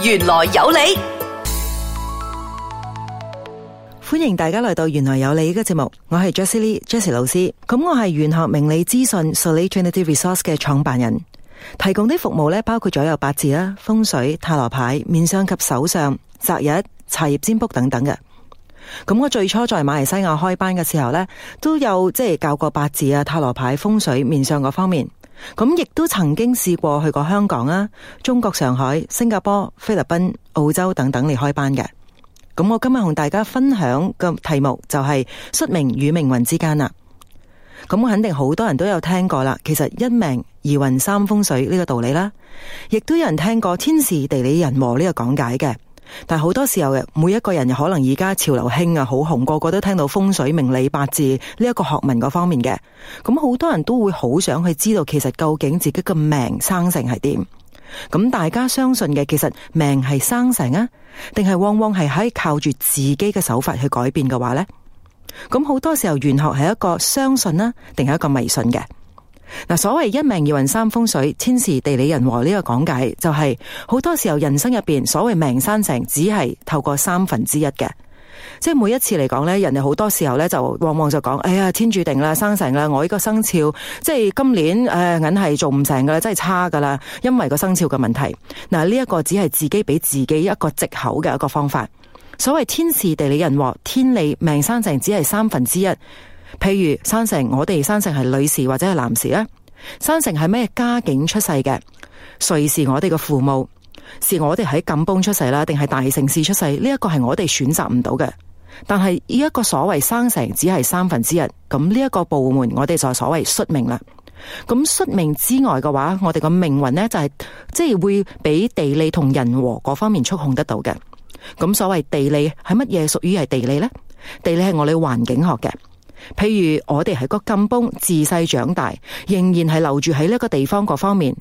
原來有你，歡迎大家來到原來有你嘅節目。我係 Jessie Jessie 老師，咁我係玄學名理資訊 Solay Trinity Resource 嘅創辦人，提供啲服務咧包括咗有八字啦、風水、塔羅牌、面相及手相、擇日、茶葉占卜等等嘅。咁我最初在馬來西亞開班嘅時候咧，都有即係教過八字啊、塔羅牌、風水、面相嗰方面。咁亦都曾經試過去過香港啊，中國上海、新加坡、菲律賓、澳洲等等嚟開班嘅。咁我今日同大家分享嘅題目就係宿命與命運之間啦。咁我肯定好多人都有聽過啦。其實一命二運三風水呢個道理啦，亦都有人聽過天時地利人和呢個講解嘅。但好多時候，每一個人可能而家潮流興啊好紅，個個都聽到風水命理八字呢一個學問嗰方面嘅，咁好多人都會好想去知道其實究竟自己嘅命生成係點？咁大家相信嘅其實命係生成啊，定係往往係可以靠住自己嘅手法去改變嘅話呢？咁好多時候玄學係一個相信啦，定係一個迷信嘅。嗱，所謂一命二運三風水，天時地利人和呢個講解就係、是、好多時候人生入邊所謂命生成，只係透過三分之一嘅，即係每一次嚟講呢，人哋好多時候呢就往往就講，哎呀，天注定啦，生成啦，我呢個生肖即係今年誒，梗、呃、係做唔成噶啦，真係差噶啦，因為個生肖嘅問題。嗱，呢一個只係自己俾自己一個借口嘅一個方法。所謂天時地利人和，天理命生成只係三分之一。譬如生成，我哋生成係女士或者係男士咧，生成係咩家境出世嘅？誰是我哋嘅父母？是我哋喺緊崩出世啦，定係大城市出世？呢、這、一個係我哋選擇唔到嘅。但係以一個所謂生成，只係三分之一咁呢一個部門，我哋就所謂宿命啦。咁宿命之外嘅話，我哋個命運咧就係即係會俾地理同人和嗰方面觸控得到嘅。咁所謂地理係乜嘢？屬於係地理咧？地理係我哋環境學嘅。譬如我哋係個禁崩，自細長大仍然係留住喺呢個地方，各方面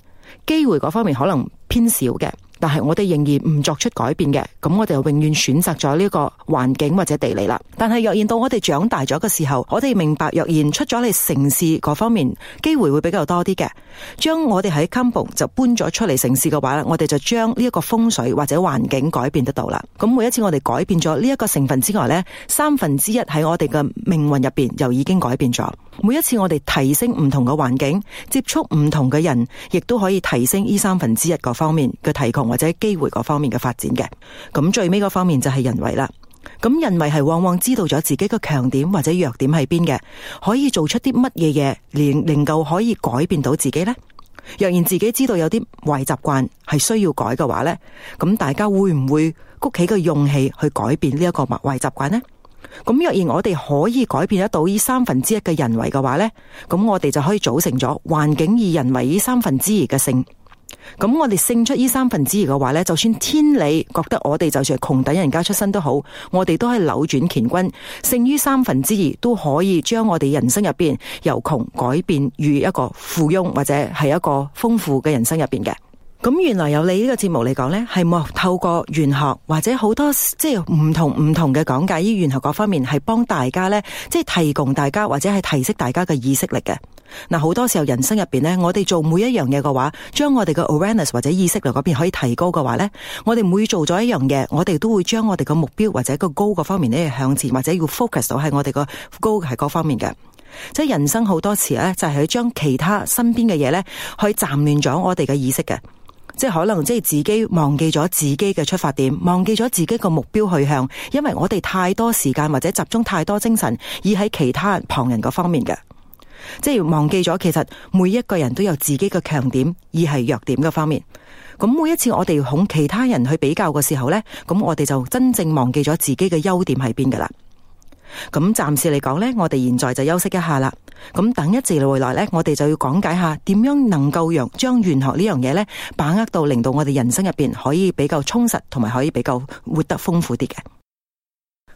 機會，各方面可能偏少嘅。但係我哋仍然唔作出改變嘅，咁我哋就永遠選擇咗呢個環境或者地理啦。但係若然到我哋長大咗嘅時候，我哋明白若然出咗嚟城市嗰方面，機會會比較多啲嘅。將我哋喺 comb 就搬咗出嚟城市嘅話，我哋就將呢一個風水或者環境改變得到啦。咁每一次我哋改變咗呢一個成分之外咧，三分之一喺我哋嘅命運入邊又已經改變咗。每一次我哋提升唔同嘅環境，接觸唔同嘅人，亦都可以提升呢三分之一各方面嘅提供，或者機會嗰方面嘅發展嘅，咁最尾嗰方面就係人為啦。咁人為係往往知道咗自己嘅強點或者弱點喺邊嘅，可以做出啲乜嘢嘢，連能夠可以改變到自己呢？若然自己知道有啲壞習慣係需要改嘅話呢，咁大家會唔會谷起個勇氣去改變呢一個壞習慣呢？咁若然我哋可以改變得到呢三分之一嘅人為嘅話呢，咁我哋就可以組成咗環境以人為呢三分之二嘅性。咁我哋勝出呢三分之二嘅話呢，就算天理覺得我哋就算係窮底人家出身都好，我哋都係扭轉乾坤，勝於三分之二都可以將我哋人生入邊由窮改變於一個富翁或者係一個豐富嘅人生入邊嘅。咁原來由你呢個節目嚟講呢，係冇透過玄學，或者好多即係唔同唔同嘅講解依玄學各方面，係幫大家呢，即係提供大家或者係提升大家嘅意識力嘅。嗱，好多時候人生入邊呢，我哋做每一樣嘢嘅話，將我哋嘅 awareness 或者意識力嗰邊可以提高嘅話呢，我哋每做咗一樣嘢，我哋都會將我哋嘅目標或者個高各方面呢，向前或者要 focus 到喺我哋個高係各方面嘅。即係人生好多時呢，就係去將其他身邊嘅嘢呢去斬亂咗我哋嘅意識嘅。即係可能，即係自己忘記咗自己嘅出發點，忘記咗自己個目標去向，因為我哋太多時間或者集中太多精神，而喺其他旁人個方面嘅，即係忘記咗。其實每一個人都有自己嘅強點，而係弱點嘅方面。咁每一次我哋同其他人去比較嘅時候咧，咁我哋就真正忘記咗自己嘅優點喺邊噶啦。咁暫時嚟講呢，我哋現在就休息一下啦。咁等一節回來呢，我哋就要講解下點樣能夠讓將玄學呢樣嘢呢把握到，令到我哋人生入邊可以比較充實，同埋可以比較活得豐富啲嘅。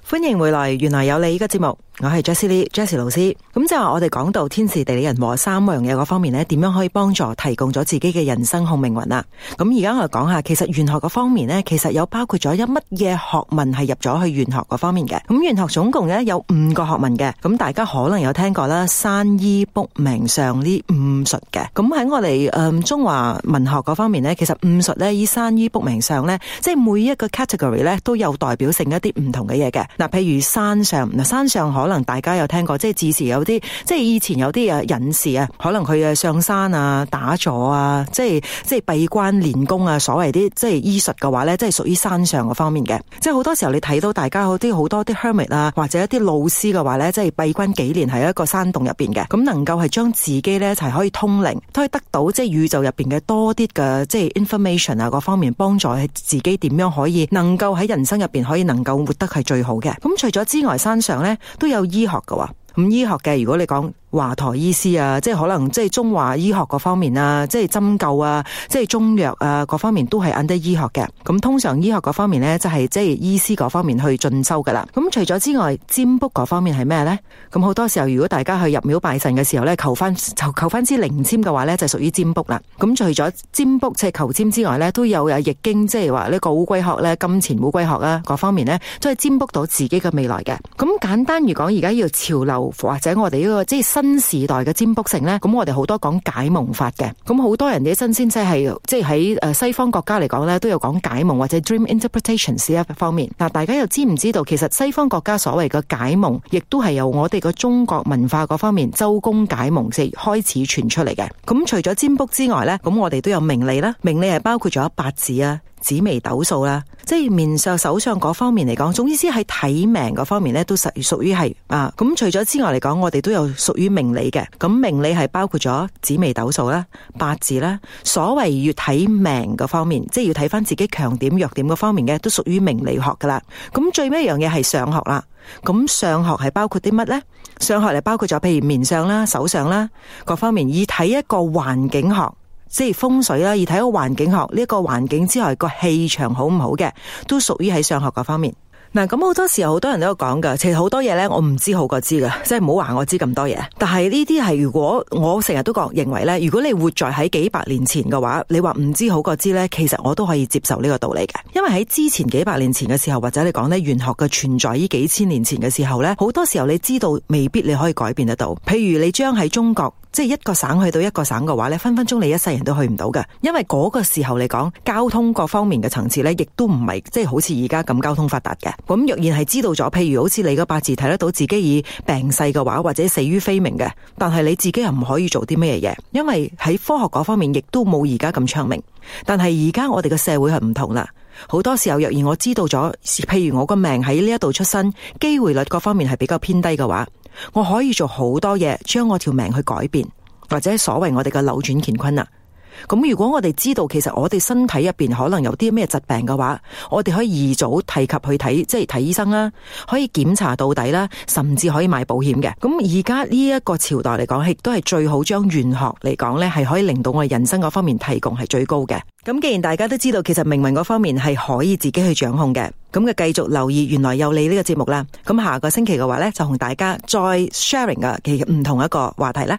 歡迎回來，玄來有理呢個節目。我係 Jesse Lee，Jesse 老師，咁就話我哋講到天時地利人和三樣嘢嗰方面咧，點樣可以幫助提供咗自己嘅人生好命運啦、啊？咁而家我哋講下，其實玄學嗰方面咧，其實有包括咗一乜嘢學問係入咗去玄學嗰方面嘅？咁玄學總共咧有五個學問嘅，咁大家可能有聽過啦，山醫卜命相呢五術嘅。咁喺我哋誒中華文學嗰方面咧，其實五術咧以山醫卜命相咧，即係每一個 category 咧都有代表性一啲唔同嘅嘢嘅。嗱，譬如山上，嗱山上可。可能大家有聽過，即係自時有啲，即係以前有啲誒隱士啊，可能佢誒上山啊，打坐啊，即係即係閉關練功啊，所謂啲即係醫術嘅話咧，即係屬於山上嘅方面嘅。即係好多時候你睇到大家有啲好多啲 hermit 啊，或者一啲老師嘅話咧，即係閉關幾年喺一個山洞入邊嘅，咁能夠係將自己咧就係可以通靈，都可以得到即係宇宙入邊嘅多啲嘅即係 information 啊，各方面幫助自己點樣可以能夠喺人生入邊可以能夠活得係最好嘅。咁除咗之外，山上咧都有。醫學嘅話，咁醫學嘅，如果你講，華佗醫師啊，即係可能即係中華醫學嗰方面啊，即係針灸啊，即係中藥啊，各方面都係 under 醫學嘅。咁通常醫學嗰方面呢，就係即係醫師嗰方面去進修噶啦。咁除咗之外，占卜嗰方面係咩呢？咁好多時候，如果大家去入廟拜神嘅時候呢，求翻求求翻支靈籤嘅話呢，就屬於占卜啦。咁除咗占卜，即係求籤之外呢，都有啊易經，即係話呢個烏龜殼呢，金錢烏龜殼啦，各方面呢，都係占卜到自己嘅未來嘅。咁簡單，如講而家要潮流或者我哋呢個即係新新時代嘅占卜城咧，咁我哋好多講解夢法嘅，咁好多人嘅新鮮即係，即係喺誒西方國家嚟講咧，都有講解夢或者 dream interpretation 呢一方面。嗱，大家又知唔知道，其實西方國家所謂嘅解夢，亦都係由我哋嘅中國文化嗰方面，周公解夢即係開始傳出嚟嘅。咁除咗占卜之外咧，咁我哋都有命理啦，命理係包括咗八字啊。紫微斗數啦，即係面上、手相嗰方面嚟講，總意思係睇命嗰方面咧，都屬屬於係啊。咁除咗之外嚟講，我哋都有屬於命理嘅。咁命理係包括咗紫微斗數啦、八字啦。所謂要睇命嗰方面，即係要睇翻自己強點、弱點嗰方面嘅，都屬於命理學噶啦。咁最尾一樣嘢係上學啦。咁上學係包括啲乜呢？上學係包括咗，譬如面上啦、手相啦，各方面以睇一個環境學。即係風水啦，而睇個環境學呢個環境之外個氣場好唔好嘅，都屬於喺上學嗰方面。嗱，咁好多時候好多人都有講噶，其實好多嘢咧，我唔知好過知㗎。即係唔好話我知咁多嘢。但係呢啲係如果我成日都覺認為咧，如果你活在喺幾百年前嘅話，你話唔知好過知咧，其實我都可以接受呢個道理嘅。因為喺之前幾百年前嘅時候，或者你講咧玄學嘅存在，於幾千年前嘅時候咧，好多時候你知道未必你可以改變得到。譬如你將喺中國。即係一個省去到一個省嘅話咧，分分鐘你一世人都去唔到嘅，因為嗰個時候嚟講，交通各方面嘅層次咧，亦都唔係即係好似而家咁交通發達嘅。咁若然係知道咗，譬如好似你個八字睇得到自己已病逝嘅話，或者死於非命嘅，但係你自己又唔可以做啲咩嘢，因為喺科學嗰方面亦都冇而家咁昌明。但係而家我哋嘅社會係唔同啦，好多時候若然我知道咗，譬如我個命喺呢一度出生，機會率各方面係比較偏低嘅話。我可以做好多嘢，將我條命去改變，或者所謂我哋嘅扭轉乾坤啊。咁如果我哋知道其實我哋身體入邊可能有啲咩疾病嘅話，我哋可以預早提及去睇，即係睇醫生啦，可以檢查到底啦，甚至可以買保險嘅。咁而家呢一個朝代嚟講，亦都係最好將玄學嚟講呢係可以令到我哋人生嗰方面提供係最高嘅。咁既然大家都知道，其實命運嗰方面係可以自己去掌控嘅，咁就繼續留意玄來有理呢個節目啦。咁下個星期嘅話呢，就同大家再 sharing 嘅其實唔同一個話題啦。